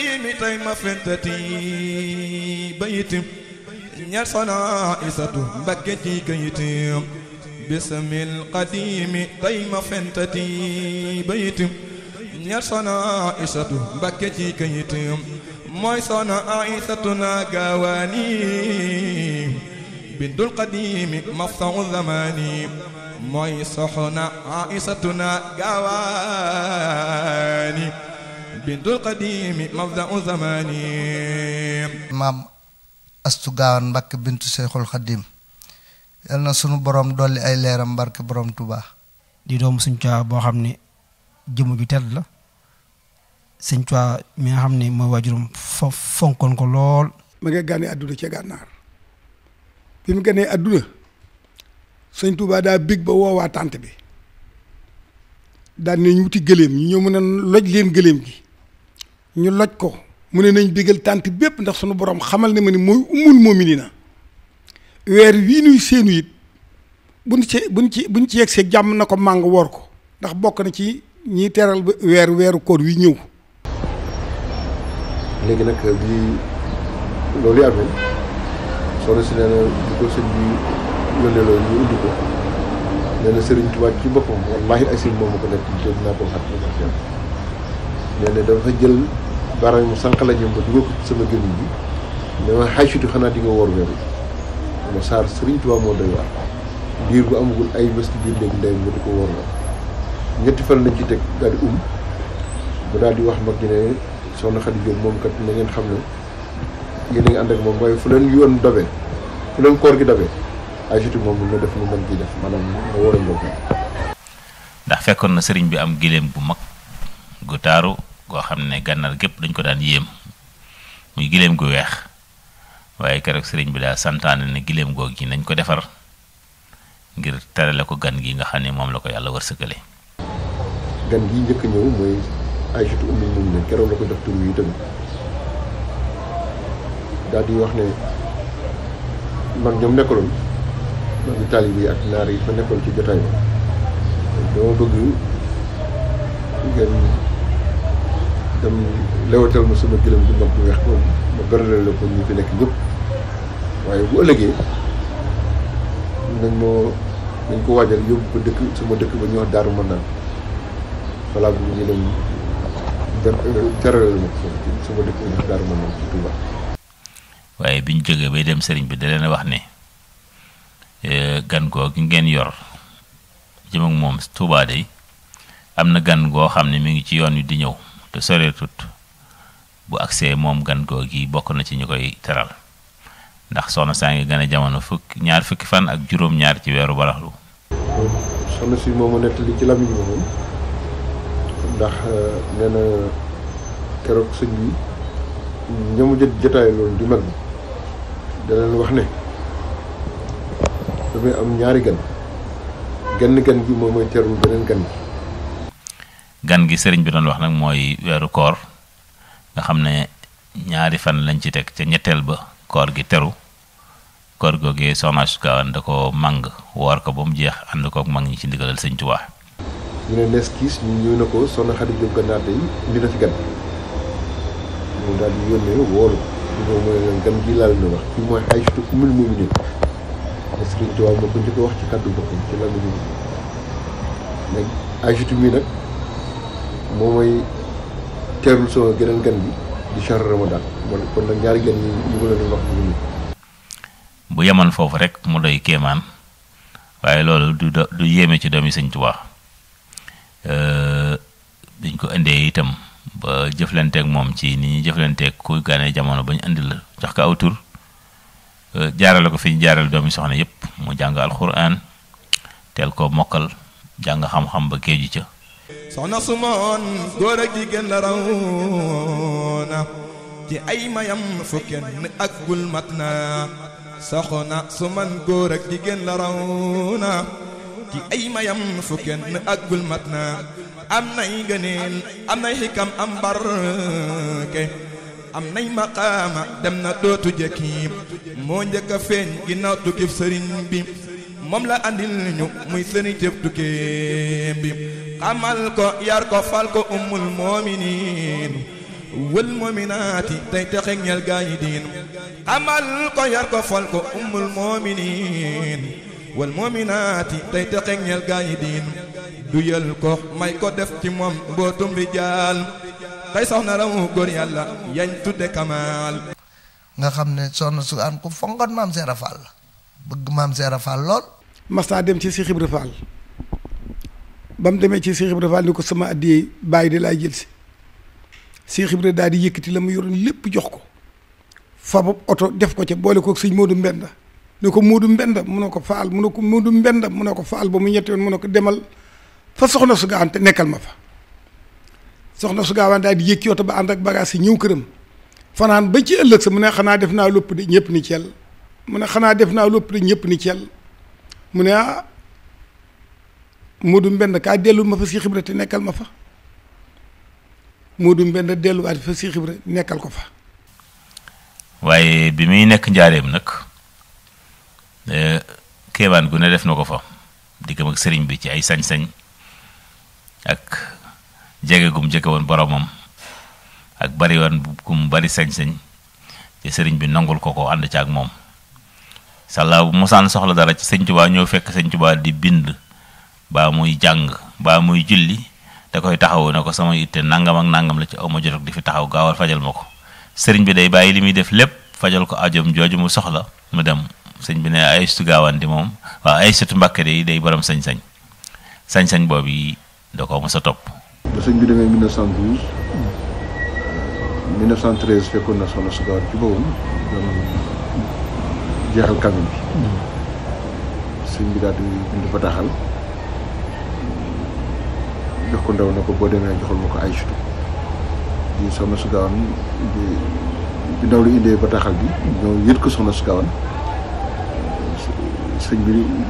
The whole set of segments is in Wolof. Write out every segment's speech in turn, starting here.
xadiimi tey ma fentati bayitim ñal sona isatu mbakke ci kayitim bisamil xadiimi tey ma fentati bayitim ñal sona isatu mbakke ci kayitim mooy sona aisatu na gaawaani bintul xadiimi mafsahu zamaani mooy soxna aisatu na gaawaani bintul qadiimi mabda'u zamani maam astu gaawan mbakk bintu seexul xadim yal na sunu borom dolli ay leeram barke borom tubaa di doomu suñ caa boo xam ni jëmm ju tedd la suñ caa mi nga xam ni mooy waajuram fonkoon ko lool ma nga gànnee àdduna ca gànnaar bi mu gànnee àdduna sëñ Touba daa bég ba woowaa tànt bi daan ne ñu wuti gëléem ñu ñëw mën a loj leen gëléem gi ñu loj ko mu ne nañ bégal tànt bépp ndax suñu boroom xamal ne ma ni mooy umul mu'minina weer wii nuy seenu it buñ ci buñ ci buñ ci yegg see jàmm na ko màng woor ko ndax bokk na ci ñiy teral ba weer weeru koor wi ñëw. léegi nag bi loolu amee soxna si nee na di ko sëñ bi yónnee loolu ñu indi ko nee na Sëriñ Tuubaa ci boppam wallaahi asim moom ko nekk di naa ko xat nee na dafa jël baaraam mu sànq la jëm ba dugal ko sama gémmiñ bi dama xaysutu xanaa di nga woor weer wi ma saar Sëriñ Tuubaa moo doy waar diir bu amagul ay bés ci biir néeg ndeyam nga di ko woor la ñetti fan lañ ci teg daal di um. wax mag ñi ne soxna Xadi Jóob moom kat xam ne yéen a ngi moom waaye fu leen yoon dobe fu leen koor gi dobe xaysutu moom mu def mu mën ci def maanaam mu woor a ndax fekkoon na sëriñ bi am gileem bu mag gu taaru goo xam ne gànnaar gépp dañ ko daan yéem muy gileem gu weex waaye keroog sëriñ bi daa santaane ne gileem goog gi nañ ko defar ngir terale ko gan gi nga xam ne moom la ko yàlla wërsëgale gan gi njëkk ñëw mooy Aysatu Ummu Muminiin keroog la ko jox tur yi ci jotaay dama bëgg ngeen dem lewatal ma sama gëlëm gu nopp weex boobu ma bërale ko ñu fi nekk ñëpp waaye bu ëllëgee nañ moo nañ ko waajal yóbbu ko dëkk sama dëkk ba ñu wax daaru ma ko sama dëkk ba ñu wax daaru naan waaye bi ñu jógee bay dem sëriñ bi da leen wax ne eh, gan goo gi ngeen yor jëm moom Tuuba day am na gan goo xam ne mi ngi ci yoon wi di ñëw te soreetut bu agsee moom gan koo gi bokk na ci ñu koy teral ndax soxna saa ngi gën jamono fukk ñaar fukki fan ak juróom-ñaar ci weeru baraxlu soxna si moom a nettali ci lamiñ moom ndax euh, nee na keroog sëñ bi jot jotaay loolu di mag da leen wax ne damay am ñaari gan genn gan gi moom mooy terul beneen gan gan gi sëriñ bi doon wax nag mooy weeru koor nga xam ne ñaari fan lañ ci teg ca ñetteel ba koor gi teru koor googee soxna su Gawane ko màng woor ko ba mu jeex ànd kook mag ñi ci ndigalal sëñ Tuubaa ñu ko soxna daal di yónnee woolu ñoo mooy leen gan gi laal na wax fii mooy ay surtout ku mil moomu ñëw sëriñ Tuubaa moo ko njëkk a wax ci kàddu mu ñëw moom mooy teewlu soo geneen gan bi di char ramadan moom foofu rek mu doy kéemaan waaye loolu du du yéeme ci doomi Sëñ Tuubaa biñ ko indee itam ba jëflanteeg moom ci ni ñuy jëflanteeg ku gane jamono ba ñu indi la jox ko aw tur ko fi ñu jaarale doomi soxna yëpp mu jàng alxuraan teel ko mokkal jàng xam-xam ba géeju ca soxna su moon góor ak jigéen la raw na ci ay mayam fukkeen ak gul mat na soxna su man góor ak jigéen la raw na ci ay mayam fukkeen ak gul mat na am nay ngëneel am nay xikam am barke am nay maqaama dem na dootu jëkki moo njëkk a feeñ ginnaaw tukkib sëriñ bi moom la andil ñu muy sëriñ jëf tukkeem bi xamal ko yar ko fal ko ummul moominiin wël moominaati tey texe ñel gaañi diin xamal ko yar ko fal ko ummul moominiin wël moominaati tey texe ñel gaañi diin duyal ko may ko def ci moom mbootum rijaal tey soxna raw góor yàlla yañ tudde kamaal nga xam ne soxna su am ku fonkoon maam Seera Fall la bëgg maam Seera Fall lool mas dem ci Cheikh Ibra Fall ba mu demee ci Cheikh Ibra Fall ni ko sama addiyee bàyyi de laay jël si Cheikh Ibra daal di yëkkati la mu yoroon lépp jox ko fabu oto def ko ca boole ko sëñ mbenn Mbenda ne ko Modou Mbenda mu ne ko faal mu ne ko Modou Mbenda mu ne ko faal ba mu ñetti yoon mu a ko demal fa soxna su gaawante nekkal ma fa soxna su gaawaan daal di yëkki oto ba ànd ak bagage yi ñëw këram fanaan ba ci ëllëg sa mu ne xanaa def naa lopp de ñëpp ni ceel mu ne xanaa def naa lépp de ñëpp ni ceel ne ah, Moodu mbenn kaa dellu ma fa Cheikh Ibra te nekkal ma fa Moodu mbenn delluwaat fa Cheikh Ibra nekkal ko fa. waaye bi muy nekk njaareem nag e, kéemaan gu ne def na ko fa diggam ak sëriñ bi ci ay sañ-sañ ak jege gum jege woon boromam ak bari woon gum bari sañ-sañ te sëriñ bi nangul ko ko ànd ca ak moom sàllaa bu mosaan soxla dara ci sëñ Tuubaa ñëw fekk sëñ Tuubaa di bind. baa muy jàng baa muy julli da koy taxawu ne ko sama itte nangam ak nangam la ci aw ma jot ak di fi taxaw gaawal fajal ma ko sëriñ bi day bàyyi li muy def lépp fajal ko ajom jooju mu soxla mu dem sëñ bi ne ay sutu gaawaan di moom waaw yi day borom sañ-sañ sañ-sañ boobu yi da koo mos topp. ba bi demee 1912 1913 fekkoon na soxna su gaaw jubawoon di bind jox ko ndaw na ko boo demee joxal ma ko ay chutu di soxna su gaawan di ndaw li indee bataaxal bi ñoo yët ko soxna su gaawan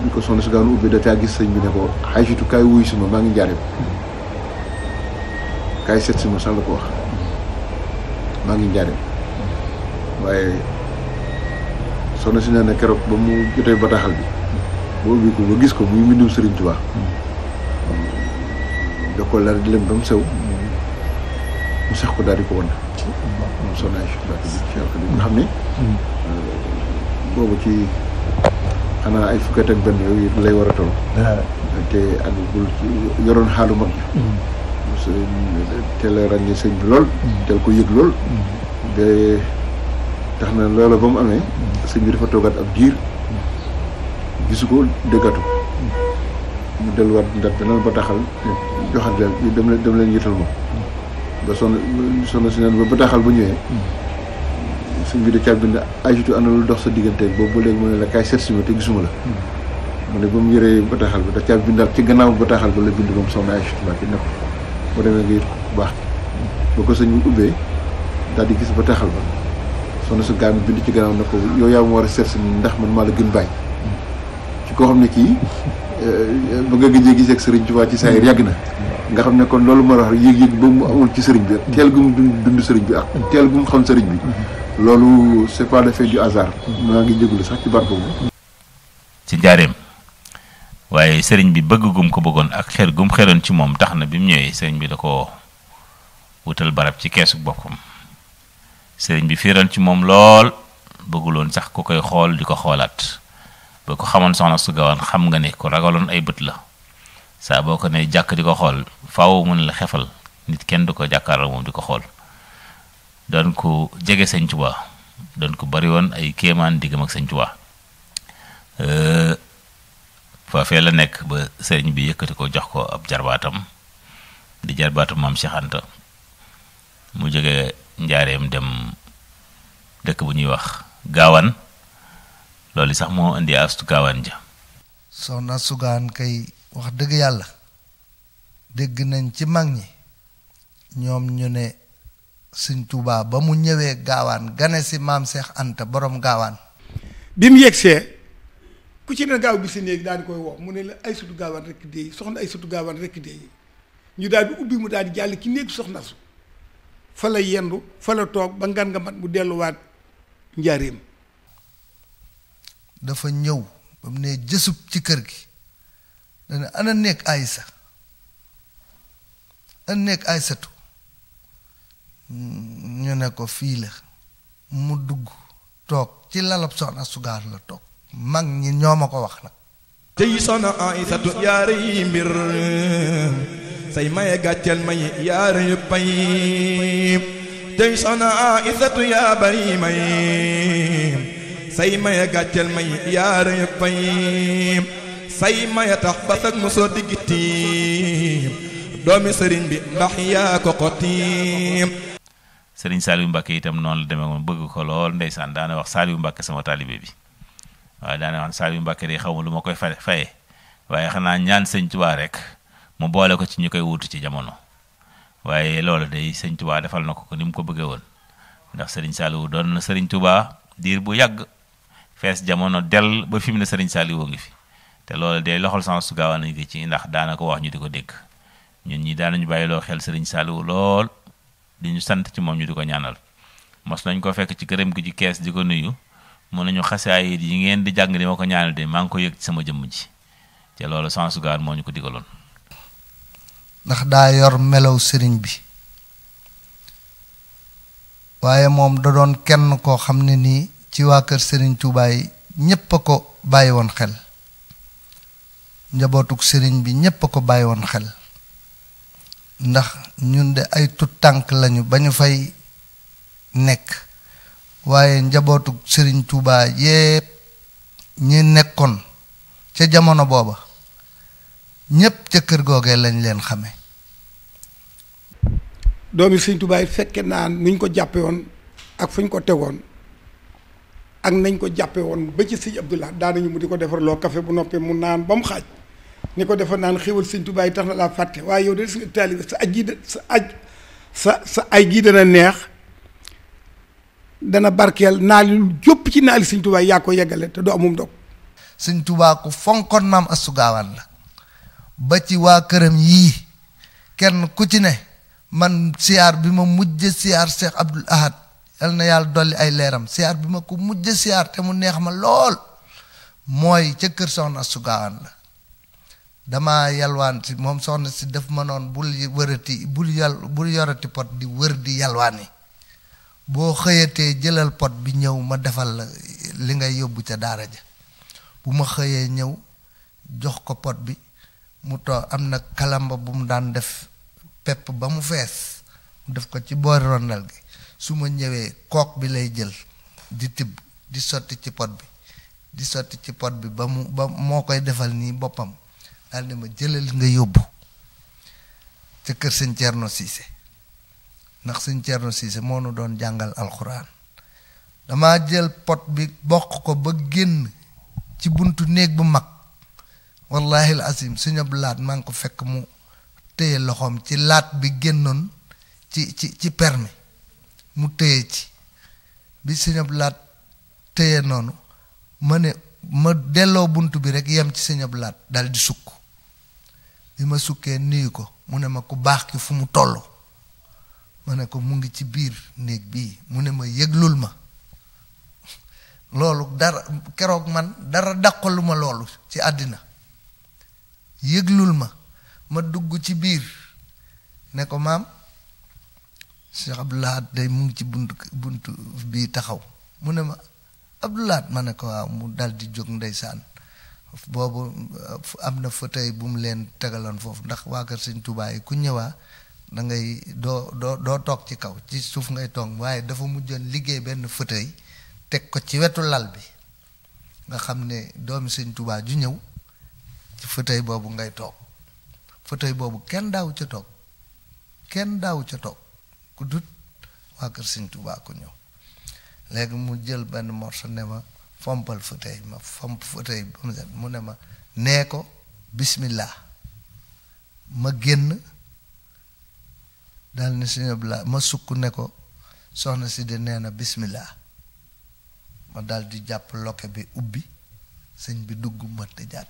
bi ko soxna su gaawan ubbi da caa gis sëñ bi ne ko ay chutu kaay wuyu si ma maa ngi njaareem kaay seet si ma sax la ko wax maa ngi njaareem waaye soxna si nee na keroog ba mu jotee bataaxal bi boo ubbi ko ba gis ko muy mbindum Sëriñ Tuubaa da koo lar di lem ba mu sew mu sax ko daal di ko wan moom soxna Aïcha Mbacke bi ci àlka xam ne euh, boobu ci xanaa ay fukki ak benn yooyu lay war a toll te àggul yoroon xaalu mag mm-hmm. teel a ràññee sëñ bi lool mm-hmm. teel ko yëg lool mm-hmm. ba tax na loola ba mu amee sëñ bi dafa toogaat ab diir gisu ko dëggatu mu delluwaat ndar danañ ba taxal joxat leen dem leen dem leen yital ma ba sonn sonn si neen ba bataaxal ba ñëwee suñ bi da caa bind ajutu ana lu dox sa digganteeg boobu ba léegi mu ne la kaay seet si ma te gisuma la mu ne ba mu yëree bataaxal bi da caa bindal ci gannaaw bataaxal ba la bind moom soxna ajutu Mbàkke ne ko boo demee nga yit ko bu baax boo ko sa ñu ubbee daal di gis bataaxal ba soxna sa gaa mi bind ci gannaaw ne ko yow yaa ma war a seet si ndax man maa la gën bàyyi ci koo Euh, ba a gëjee gisee ak sëriñ Tuubaa ci saa yir yàgg na nga xam ne kon loolu moo tax yëg-yëg ba mu amul ci sëriñ bi teel sëriñ bi ak teel gu mu sëriñ bi loolu c'est pas le fait du ngi jégalu sax ci baat boobu waaye sëriñ bi bëgg ko bëggoon ak xeer gum xeeroon ci moom tax na bi mu ñëwee sëriñ bi da ko wutal barab ci keesu boppam sëriñ bi fiiroon ci moom lool bëgguloon sax ku koy xool di ko xoolaat ba ko xamoon soxna su gawaan xam nga ne ko ragaloon ay bët la saa boo ko ne jàkk di ko xool faw mën la xefal nit kenn du ko jàkkaaral moom di ko xool doon ko jege Sëñ Tuubaa doon ku bariwoon ay kéemaan diggam ak Sëñ Tuubaa euh, foofee la nekk ba sëriñ bi yëkkati ko jox ko ab jarbaatam di jarbaatam maam Cheikh mu jóge njaareem dem dëkk bu ñuy wax Gaawaan loolu sax moo indi astu kaawaan ja soxna sugaan kay wax dëgg yàlla dëgg nañ ci mag ñi ñoom ñu ne sëñ Tuubaa ba mu ñëwee gaawaan gane si maam Seex Anta boroom gaawaan bi mu yegsee ku ci ne gaaw bi si néeg daal di koy woo mu ne la ay sutu soxna ay sutu rekk déey ñu daal ubbi mu daal di jàll ki néeg soxna su fa la yendu fa la toog ba ngan nga mat mu delluwaat njaareem dafa ñëw ba mu ne jësub ci kër gi dana ana nekk aysa ana nekk aysatu ñu ne ko fii la mu dugg toog ci lalab soxna sugaar la toog mag ñi ñoo ma ko wax nag tey soxna aysatu yaari mbir say maye gàcceel may yaari pay tey soxna aysatu yaa bari may say maya gàcceel may yaara yëg fay say maya tax ba sag mosoo diggi tiim doomi sëriñ bi ndax yaa ko ko tiim sëriñ Saliou Mbacke itam noonu la demee moom bëgg ko lool ndeysaan daane wax Saliou Mbacke sama taalibe bi waaye daana wax Saliou Mbacke de xaw ma lu ma koy faye faye waaye xanaa ñaan sëñ Tuubaa rek mu boole ko ci ñu koy wuutu ci jamono waaye loolu de sëñ Tuubaa defal na ko ko ni mu ko bëggee woon ndax sëriñ Saliou doon sëriñ Tuubaa diir bu yàgg fees jamono del ba fi mu ne sëriñ Saliou ngi fi te loolu day loxol sama su gaaw nañ ko ci ndax daana wax ñu di ko dégg ñun ñi daanañu bàyyiloo xel sëriñ Saliou lool di ñu sant ci moom ñu di ko ñaanal mos nañ ko fekk ci këram ki ci kees di ko nuyu mun nañu xasaay yi ngeen di jàng di ma ko ñaanal de maa ngi ko yëg ci sama jëmm ji te loolu sans sugaar moo ñu ko digaloon ndax daa yor melaw sëriñ bi waaye moom da doon kenn koo xam ne nii ci waa kër sëriñ Touba yi ñépp a ko bàyyiwoon xel njabootuk sëriñ bi ñépp a ko bàyyi woon xel ndax ñun de ay tut tànk lañu ba ñu fay nekk waaye njabootuk sëriñ Touba yépp ñi nekkoon ca jamono booba ñépp ca kër googee lañ leen xame doomi Serigne Touba fekke naa nuñ ko jàppe woon ak fu ñu ko tegoon ak nañ ko jàppe woon ba ci sëñ Abdoulaye daanañu mu di ko loo kafe bu noppee mu naan ba mu xaaj ni ko defar naan xéwal sëñ Tuubaa yi tax na laa fàtte waaye yow de suñu taalibe sa aj sa ay gii dana neex dana barkeel naali lu ci naali sëñ yaa ko yeggale te du amum dog sëñ Tuubaa ku fonkoon maam Astu la ba ci waa këram yii kenn ku ci ne man siyaar bi ma mujj siyaar Cheikh Abdoul Ahad yal na yàlla dolli ay leeram siyaar bi ma ko mujj siyaar te mu neex ma lool mooy ca kër soxna sugaawaan la dama yalwaan si moom soxna si def ma noon bul wërati bul yal yorati pot di wër di yalwaani boo xëyatee jëlal pot bi ñëw ma defal la li ngay yóbbu ca daara ji bu ma xëyee ñëw jox ko pot bi mu too am na kalamba bu mu daan def pepp ba mu fees mu def ko ci boori rondal gi su ma ñëwee kook bi lay jël di tibb di sotti ci pot bi di sotti ci pot bi ba mu ba moo koy defal nii boppam daal ma jëlal nga yóbbu ca kër sëñ Thierno ndax sëñ Thierno moo nu doon jàngal alxuraan dama jël pot bi bokk ko ba génn ci buntu néeg bu mag wallahi al asim suñu laat maa ngi ko fekk mu téye loxoom ci laat bi génnoon ci ci ci permis mu téye ci bi sëñ Abdou téye noonu ma ne ma delloo bunt bi rek yem ci sëñ Abdou Lahat sukk bi ma sukkee nuyu ko mu ne ma ku baax ki fu mu toll ma ne ko mu ngi ci biir néeg bii mu ne ma yëglul ma loolu dara keroog man dara dàqalu ma loolu ci àddina yëglul ma ma dugg ci biir ne ko maam Cheikh Abdou Lahad day mu ci buntu buntu bii taxaw mu ne ma Abdou Lahad ma ne ko waaw mu dal di jóg ndeysaan boobu uh, am na fauteuil bu mu leen tegaloon foofu ndax waa kër Sëñ Tuubaa yi ku ñëwaa dangay ngay doo doo doo toog ci kaw ci suuf ngay toog waaye dafa mujjoon liggéey benn fauteuil teg ko ci wetu lal bi nga xam ne doomi Sëñ Tuubaa ju ñëw ci boobu ngay toog fauteuil boobu kenn daaw ca toog kenn daaw ca toog ku waa kër sëñ Tuubaa ko ñëw léegi mu jël benn morso ne ma fompal fauteuil ma fomp fauteuil ba mu set mu ne ma nee ko bismillah ma génn dal ni sëñ Abdoulaye ma sukk ne ko soxna si de nee na ma dal di jàpp loke bi ubbi sëñ bi dugg ma tëjaat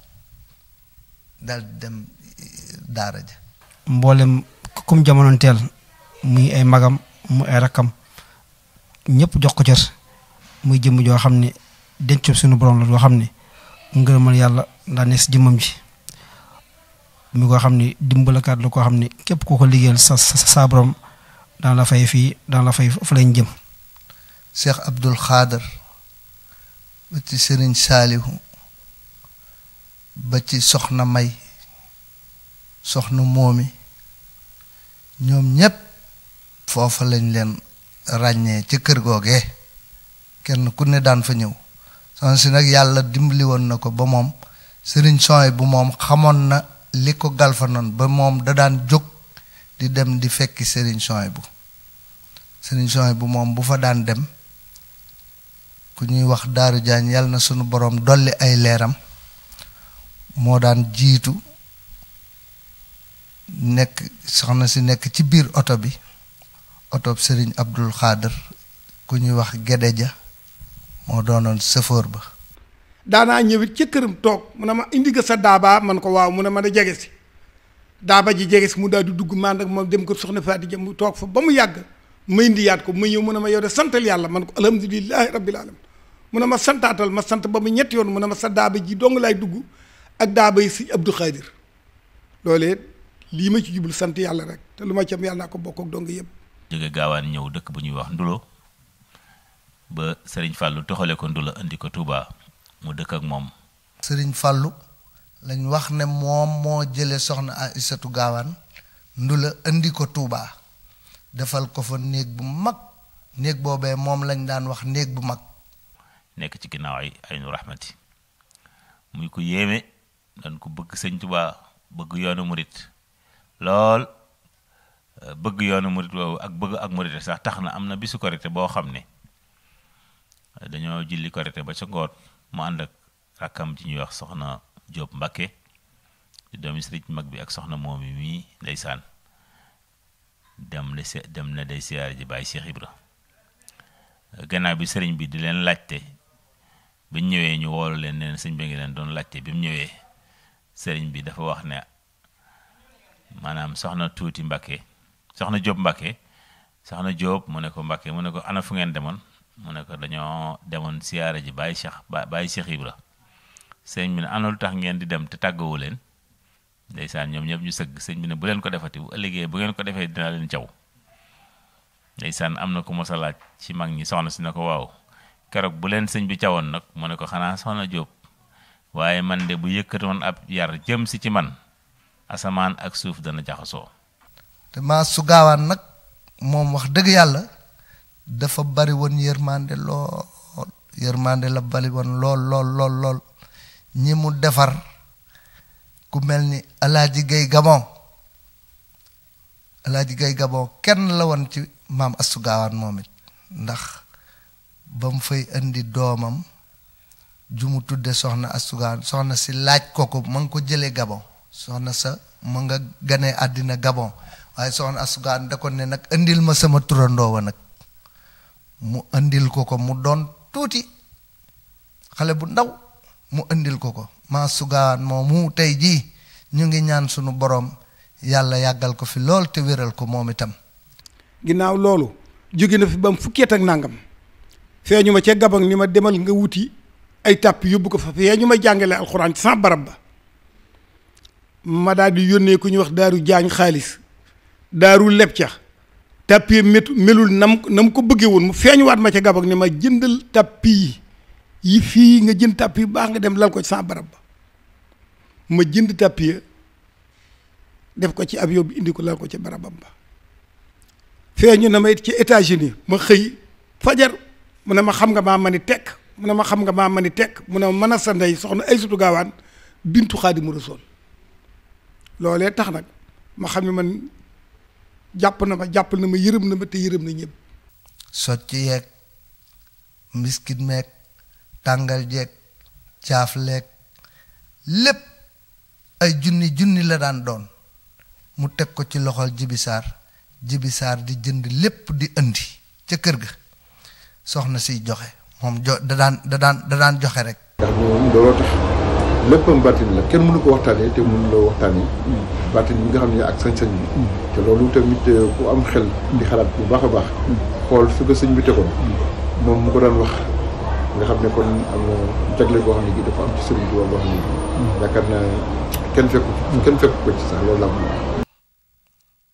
dal di dem eh, daara ja mboolem kum jamonoon muy ay magam muy ay rakkam ñëpp jox ko cër muy jëmm joo xam ni denc suñu borom la yoo xam ne ngërëmal yàlla daa nekk si jëmmam ji mi ko xam ne dimbalakaat la koo xam ne képp koo ko liggéeyal sa sa borom daan la fay fii daan la fay fa lañ jëm Cheikh Abdul Xaadar ba ci Sëriñ Saalihu ba ci Soxna May Soxna Moomi ñoom ñépp foofa lañ leen ràññee ci kër googee kenn ku ne daan fa ñëw soxna si nag yàlla dimbaliwoon na ko ba moom sëriñ sooy bu moom xamoon na li ko galfanoon ba moom da daan jóg di dem di fekki sëriñ sooy bu sëriñ sooy bu moom bu fa daan dem ku ñuy wax daaru jaañ yàlla na sunu boroom dolli ay leeram moo daan jiitu nekk soxna si nekk ci biir oto bi otob sëriñ Abdul Xaadir ku ñuy wax Gede ja moo doonoon sëfoor ba daanaa ñëwit ca këram toog mu ne ma indi nga sa daabaa man ko waaw mu ne ma da jege si daaba ji jege si mu daal di dugg man ak moom dem ko soxna di jëm mu toog fa ba mu yàgg ma indiyaat ko ma ñëw mu ne ma yow de santal yàlla man ko alhamdulilahi rabbil alamin mu ne ma santaatal ma sant ba mu ñetti yoon mu ne ma sa daaba ji dong laay dugg ak daaba yi si Abdou Xaadir loolee lii ma sant yàlla rek te lu ma ci am ko bokk dong yëpp jóge gaawaan ñëw dëkk bu ñuy wax ndulo ba sëriñ fàllu toxale ko ndulo indi ko Touba mu dëkk ak moom sëriñ fàllu lañ wax ne moom moo jële soxna Aysatu gaawaan ndula indi ko Touba defal ko fa néeg bu mag néeg boobee moom lañ daan wax néeg bu mag nekk ci ginnaaw ay ay raxmati muy ku yéeme dan ko bëgg sëñ Touba bëgg yoonu murit lool bëgg yoonu murit woowu ak bëgg ak murit sax tax na am na bisu korite boo xam ne dañoo julli korite ba ca ngoot mu ànd ak rakkam ci ñuy wax soxna Jóob Mbakke doomi sëriñ mag bi ak soxna moom yi mii ndeysaan dem na dem na day siyaare ji bàyyi Cheikh Ibra gannaaw bi sëriñ bi di leen laajte bi ñëwee ñu woolu leen sëñ bi ngi leen doon laajte bi mu ñëwee sëriñ bi dafa wax ne maanaam soxna tuuti Mbakke soxna Diop Mbacke soxna Diop mu ne ko Mbacke mu ne ko ana fu ngeen demoon mu ne ko dañoo demoon siyaare ji bàyyi Cheikh bàyyi Cheikh Ibra sëñ bi ne ana lu tax ngeen di dem te tàggawu leen ndeysaan ñoom ñëpp ñu sëgg sëñ bi ne bu leen ko defati bu bu ngeen ko defee dina leen caw ndeysaan am na ku mos a laaj ci mag ñi soxna si ne ko waaw keroog bu leen sëñ bi cawoon nag mu ne ko xanaa soxna Diop waaye man de bu yëkkatoon ab yar jëm si ci man asamaan ak suuf dana jaxasoo. te Mansour Gawane nag moom wax dëgg yàlla dafa bari woon yërmande lool yërmande la bari woon lool lool lool ñi mu defar ku mel ni Alaaji Gay Gabon Alaaji Gay Gabon kenn la woon ci maam Astou Gawane moom it ndax ba mu fay indi doomam jumu mu soxna Astou Gawane soxna si laaj ko ma nga ko jëlee Gabon soxna sa ma nga ganee àddina Gabon waaye soxna asugaan da ko ne nag indil ma sama turandoo wa nag mu indil ko ko mu doon tuuti xale bu ndaw mu indil ko ko maa sugaan moomu tey jii ñu ngi ñaan sunu borom yàlla yàggal ko fi lool te wéral ko moom itam. ginnaaw loolu. jóge na fi ba mu fukki at nangam. feeñu ma ca gabang ni ma demal nga wuti ay tàpp yóbbu ko fa feeñu ma jàngale alxuraan ci barab ba ma daal di yónnee ku ñuy wax daaru jaañ xaalis daaru leb ca tapis melul na na mu ko bëggee woon mu feeñuwaat ma ci gabak ni ma jëndal tapis yi fii nga jënd tapis baax nga dem lal ko ci sa barab ba ma jënd tapis def ko ci avion bi indi ko lal ko ci barabam ba feeñu na ma it ci États-Unis ma xëy fajar mu ne ma xam nga maa mani tekk mu ne ma xam nga maa mani tekk mu ne ma mën a sa ndey soxna ay sutu gaawaan bintu Xaadimu Rasuul loolee tax nag ma xam ne man jàpp na ma jàpp na ma yërëm na ma te yërëm na ñëpp. socc yeeg mbiskit meeg tàngal jeek caaf leeg lépp ay junni junni la daan doon mu teg ko ci loxol jibisaar jibisaar di jënd lépp di indi ca kër ga soxna siy joxe moom da daan da daan da daan joxe rek. léppam baatin la kenn mënu ko waxtaanee te mënu loo waxtaanee mm. baatin bi nga xam ne ak sañ-sañ bi mm. te loolu tamit euh, ku am xel mm. di xalaat bu baax a baax xool fi ko sëñ bi tegoon moom mu ko daan wax nga xam ne kon am na jagle boo xam ne gi dafa am ci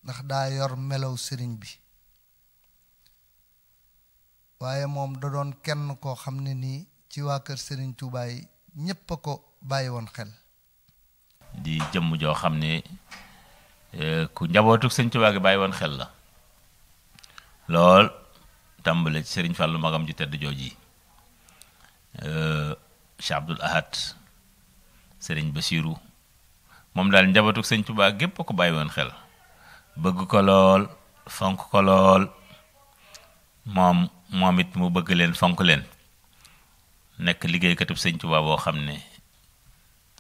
ndax daa yor melow sëriñ bi waaye moom da doon kenn koo xam ne nii ci waa kër sëriñ Tuubaa yi ñépp a ko bàyyi woon xel. di jëmm joo xam ne ku njabootu sëñ Tuubaa bàyyi woon xel la lool tàmbale ci sëriñ Fàllu magam ji tedd jooji e, Cheikh Abdoul Ahad sëriñ Basiru moom daal njabootu sëñ Tuubaa gépp ko bàyyi woon xel bëgg ko lool fonk ko lool moom moom it mu bëgg leen fonk leen nekk liggéeykatub sëñ Tuubaa xam ne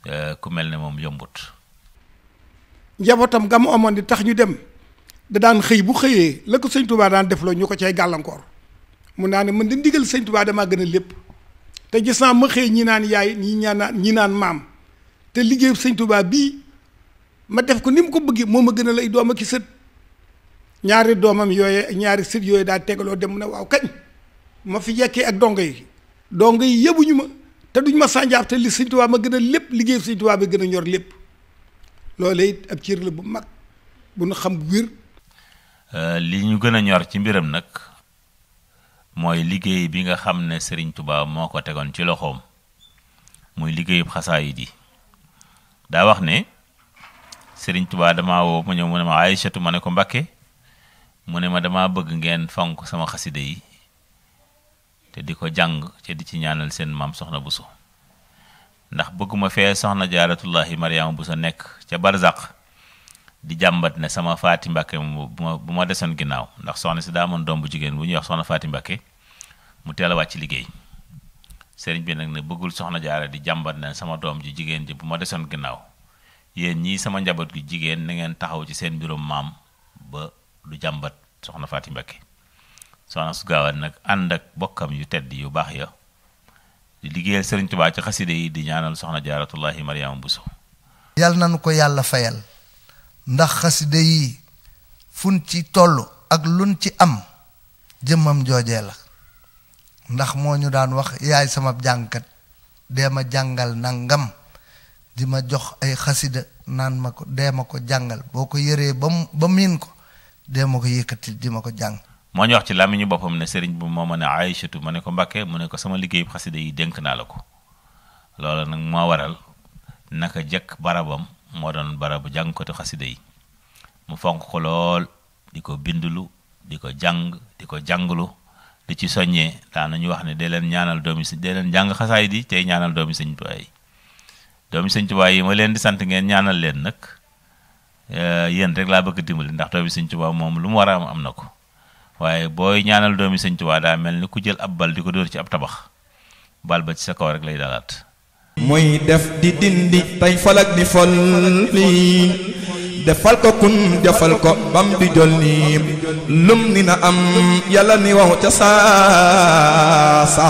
Euh, ku mel ne moom yombut. njabootam ga mu amoon di tax ñu dem da daan xëy bu xëyee la ko sëñ Touba daan defloo ñu ko cay gàllankoor mun naa ne mën di ndigal sëñ Touba damaa gën a lépp te gis naa ma xëy ñi naan yaay ñi ñaan ñi naan maam te liggéeyu sëñtubaa Touba bii ma def ko ni mu ko bëggee moom a gën a lay doom ak i sët ñaari doomam yooyu ñaari sët yooyu daa tegaloo dem na waaw kañ ma fi yekkee ak dongo yi dongo yi yëbuñu ma. te duñ ma sànjaab te li Sëñ Tuubaa ma gën a lépp liggéey Sëñ Tuubaa bi gën a ñor lépp loolee it ab cër la bu mag bu nu xam wér. Euh, li ñu gën a ñor ci mbiram nag mooy liggéey bi nga xam ne Sëriñ tubaab moo ko tegoon ci loxoom muy liggéeyub xasaa yi daa wax ne Sëriñ Tuubaa damaa woo ma ñëw mu ne ma Aysatu ma ne ko Mbàkke mu ne ma dama bëgg ngeen fonk sama xasida yi te di ko jàng ci di ci ñaanal seen maam soxna Buso ndax bëgguma fee soxna jaaratullahi Mariama Buso nekk ca barzaq di jàmbat ne sama faati Mbàkke moom bu ma bu ginnaaw ndax soxna si daa amoon doom bu jigéen bu ñuy wax soxna faati Mbàkke mu teel a wàcc liggéey sëriñ bi nag ne bëggul soxna jaara di jàmbat ne sama doom ji jigéen ji bu ma desoon ginnaaw yéen ñi sama njaboot gi jigéen na ngeen taxaw ci seen mbirum maam ba du jàmbat soxna faati mbakke soxna su gaawaan nag ànd ak bokkam yu tedd yu baax ya di liggéeyal sëriñ Tubaa ci xaside yi di ñaanal soxna jaaratullahi Mariama Buso yal nañu ko yàlla fayal ndax xaside yi fun ci toll ak lun ci am jëmmam joojee la ndax moo ñu daan wax yaay sama jàngkat dee ma jàngal nangam di ma jox ay xasida naan ma ko dee ma ko jàngal boo ko yëree ba mu ba miin ko dee ma ko yëkkatil di ma ko jàng moo ñu wax ci làmmiñu boppam ne sëriñ bi moo ma ne Aïchatu ma ne ko Mbàkke mu ne ko sama liggéeyub xasida yi denk naa la ko loolu nag moo waral naka jekk barabam moo doon barab barabu jàngkatu xasida yi mu fonk ko lool di ko bindulu di ko jàng di ko jàngulu di ci soññee daanañu wax ne dee leen ñaanal doomi si dee leen jàng xasaay di tey ñaanal doomi Sëñ Tuubaa yi doomi Sëñ Tuubaa yi ma leen di sant ngeen ñaanal leen nag eh, yéen rek laa bëgg dimbali ndax doomi Sëñ Tuubaa moom lu mu war a am am na ko waaye booy ñaanal doomi sëñ Tuubaa daa mel ni ku jël ab bal di ko dóor ci ab tabax bal ba ci sa kaw rek lay dalaat muy def di dindi tey falak di fol lii defal ko kun defal ko bam di jol nii lum ni na am yàlla ni waw ca saasa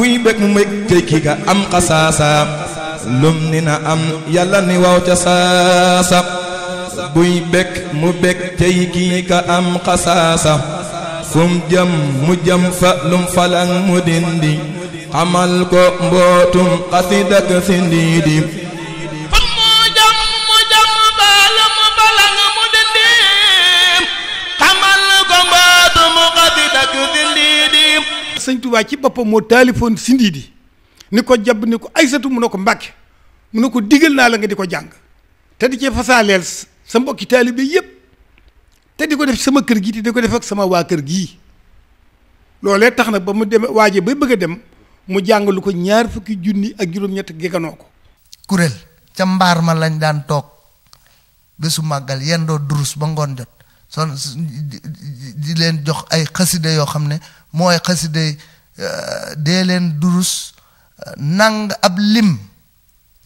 buy bég mu mbég tey kii nga am xasaasa lum ni na am yàlla ni waxu ca saasa buy bekk mu bekk tey kii ka am xasaasa fum jëm mu jëm fa lum falang mu dindi xamal ko mbootum xasidak si ndiidi sëñ Tuubaa ci boppam moo taalifoon sindiidi ni ko jàpp ni ko aysatu mu ne ko mbàkke mu ne ko digal naa la nga di ko jàng te di ci fasaaleel sa mbokki taalibe yëpp te di ko def sama kër gi te di ko def sama waa kër gii loolee tax na ba mu demee waaje ba bëgg a dem mu jàngalu ko ñaar fukki junni ak juróom-ñett geganoo ko kuréel ca mbaar ma lañ daan toog bésu màggal yendoo durus ba ngoon jot son di leen jox ay xasida yoo xam ne mooy xasida euh, dee leen durus euh, ab lim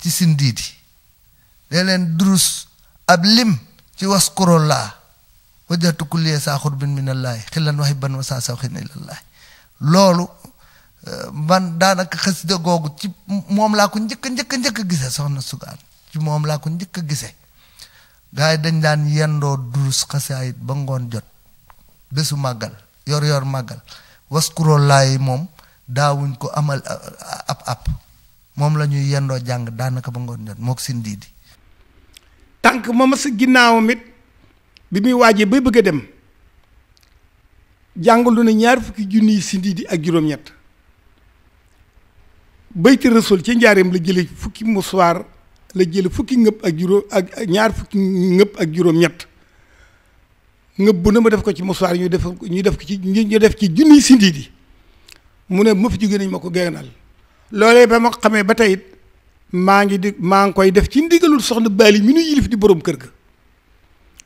ci sindiidi dee leen durus ab lim ci waskurullaa wajjatu kulliya saa xurbin minallaahi xillan waxi ban wa saa sawxin ilallaahi loolu ban eh, daanaka xasida googu ci moom laa ko njëkk njëkk njëkk gise soxna sugaan ci moom laa njëkk gise gars yi dañ daan yendoo durus xasaayit ba ngoon jot bésu màggal yor yor màggal waskurullaa yi moom daawuñ ko amal ab ab moom la ñuy yendoo jàng daanaka ba ngoon jot mook sin diidi tànk ma sa ginnaawam it bi muy waajee ba bëgg a dem jàngalu ne ñaar fukki junniy sindidi ak juróom-ñett bayti rasul ci njaareem la jële fukki muswaar la jële fukki ngëpp ak juróom ak ñaar fukki ngëpp ak juróom-ñett ngëpp bu na ma def ko ci muswaar ñu def ñu def ko ci ñu def ci junniy sindidi mu ne ma fi jóge nañ ma ko geenal loolee ba ma xamee ba tey maa ngi di maa ngi koy def ci ndigalul soxna Baali mu nu yilif di borom kër ga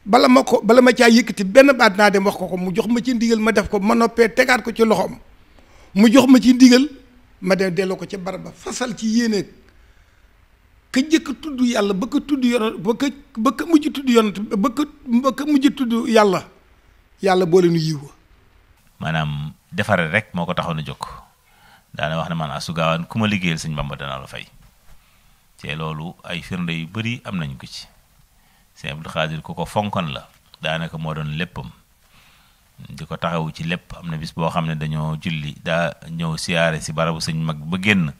bala ma ko bala ma caa yëkkati benn baat naa dem wax ko ko mu jox ma ci ndigal ma def ko ma noppee tegaat ko ci loxoom mu jox ma ci ndigal ma delloo ko ci barab ba fasal ci yéene ka njëkk tudd yàlla ba ka tudd yonent ba ka mujj tudd yonent ba ka mujj tudd yàlla yàlla boole nu yiw maanaam defare rek moo ko taxoon a jóg daana wax ne man asugaawan ku ma liggéeyal sëñ Bamba danaa la fay te loolu ay firnde yu bëri am nañ ko ci Sëñ Abdou Khadir ku ko fonkoon la daanaka moo doon léppam di ko taxawu ci lépp am na bis boo xam ne dañoo julli daa ñëw siyaare si barabu sëñ mag ba génn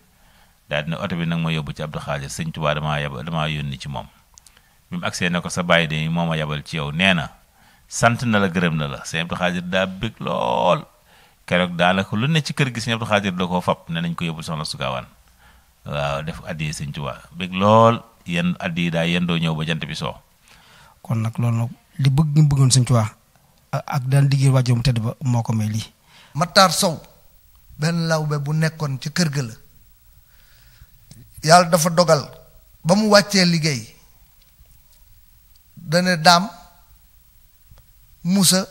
daal dina oto bi nag ma yóbbu ci Abdou Khadir sëñ Tuubaa damaa yab damaa yónni ci moom bi mu agsee ne ko sa bàyyi de moo ma yabal ci yow nee na sant na la gërëm na la sëñ Abdou Khadir daa bëgg lool keroog daanaka lu ne ci kër gi sëñ Abdou Khadir da koo fab ne nañ ko yóbbu soxna Sugawaan waaw def addiya sëñ Tuubaa bëgg lool yenn addiya daal yenn doo ñëw ba jant bi soo. kon nag loolu nag li bëgg ñu bëggoon sëñ Tuubaa ak daan liggéey waajur mu tedd ba moo ko may lii. Matar Sow benn lawbe bu nekkoon ci kër ga la yàlla dafa dogal ba mu wàccee liggéey dane daam musa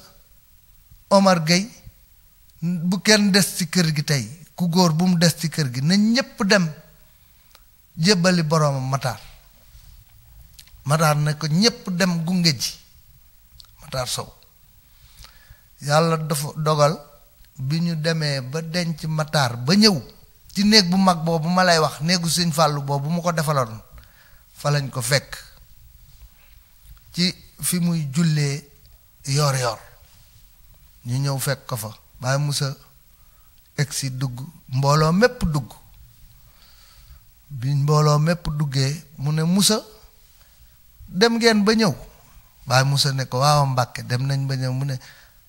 Omar Gueye bu kenn des ci kër gi tey ku góor bu mu des ci kër gi na ñépp dem jébbali boroomam mataar mataar na ko ñépp dem gunge ji mataar sow yàlla dafa dogal bi ñu demee ba denc mataar ba ñëw ci néeg bu mag boobu ma lay wax néegu sëñ fàllu boobu mu ko defaloon fa lañ ko fekk ci fi muy jullee yoor yoor ñu ñëw fekk ko fa bàyyi musa egsi dugg mbooloo mépp dugg bi mbooloo mépp duggee mu ne Musa dem ngeen ba ñëw waaye Musa ne ko waaw Mbàkke dem nañ ba ñëw mu ne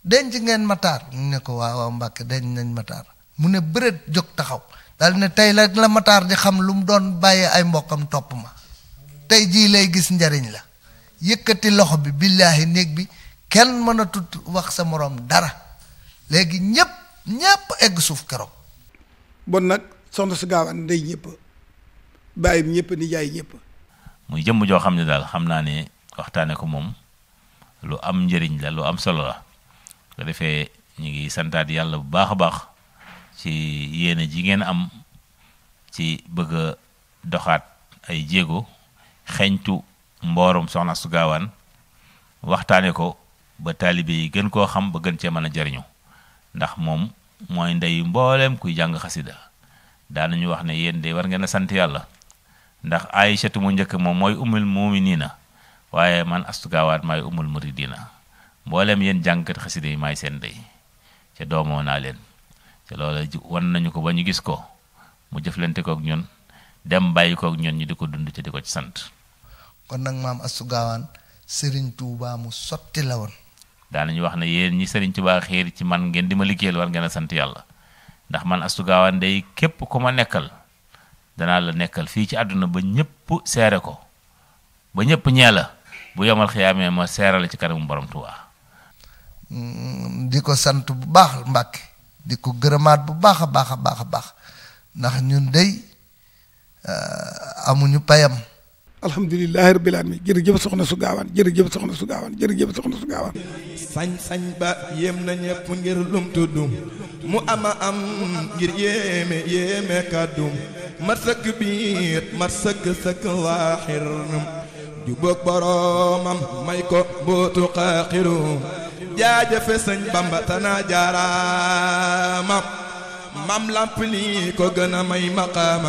denc ngeen mataar mu ne ko waaw Mbàkke denc nañ mataar mu ne bëreet jóg taxaw daal ne tey la la mataar di xam lu mu doon bàyyee ay mbokkam topp ma tey jii lay gis njariñ la yëkkati loxo bi billaahi néeg bi kenn mën wax sa moroom dara léegi ñépp ñépp egg suuf keroog bon nag soxna si gaawaan day ñëpp bàyyim ñëpp ni ñëpp muy jëmm joo xam ne daal xam naa ne waxtaane ko moom lu am njëriñ la lu am solo la ko defee ñu ngi santaat yàlla bu baax a baax ci yéene ji ngeen am ci bëgg doxaat ay jéego xeeñtu mboorum soxna su gaawaan waxtaane ko ba taalibe yi gën koo xam ba gën cee mën a jariñu ndax moom mooy ndeyu mbooleem kuy jàng xasida daanañu wax ne yéen de war ngeen a sant yàlla ndax Aysatu mu njëkk moom mooy umul na waaye man astugaawaat maay umul na mboolem yéen jàngkat xasida yi maay seen day ca doomoo naa leen ca loola wan nañu ko ba ñu gis ko mu jëflante kook ñun dem bàyyi kook ñun ñu di ko dund ca di ko ci sant kon nag maam Astou Gawane Serigne Touba mu sotti la woon daanañu wax ne yéen ñi Serigne Touba xéer ci man ngeen di ma liggéeyal war ngeen a sant yàlla ndax man Astou Gawane day képp ku ma nekkal danaa la nekkal fii ci àdduna ba ñëpp seere ko ba ñëpp ñee la bu yomal xiyaamee ma seere la ci kanamu borom Tuubaa mm, di ko sant bu baax Mbàkke di ko gërëmaat bu baax a baax a baax a baax ndax ñun dey euh, amuñu payam alhamdulilahi rabbil alamin jërëjëf soxna su gaawaan jërëjëf soxna su gaawaan jërëjëf soxna su gaawaan sañ-sañ ba yéem na ñëpp ngir lum tuddum mu ama am ngir yéeme yéeme kàddum mat sëkk biir mat sëkk sëkk waaxir jubóog boroomam may ko bootu xaaxiru jaajëfe sëñ bamba tana jaaraamam mam lamp lii ko gën may maqaama